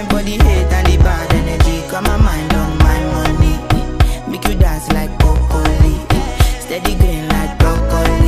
time for the hate and the bad energy. Come my mind on my money. Make you dance like broccoli. Steady green like broccoli.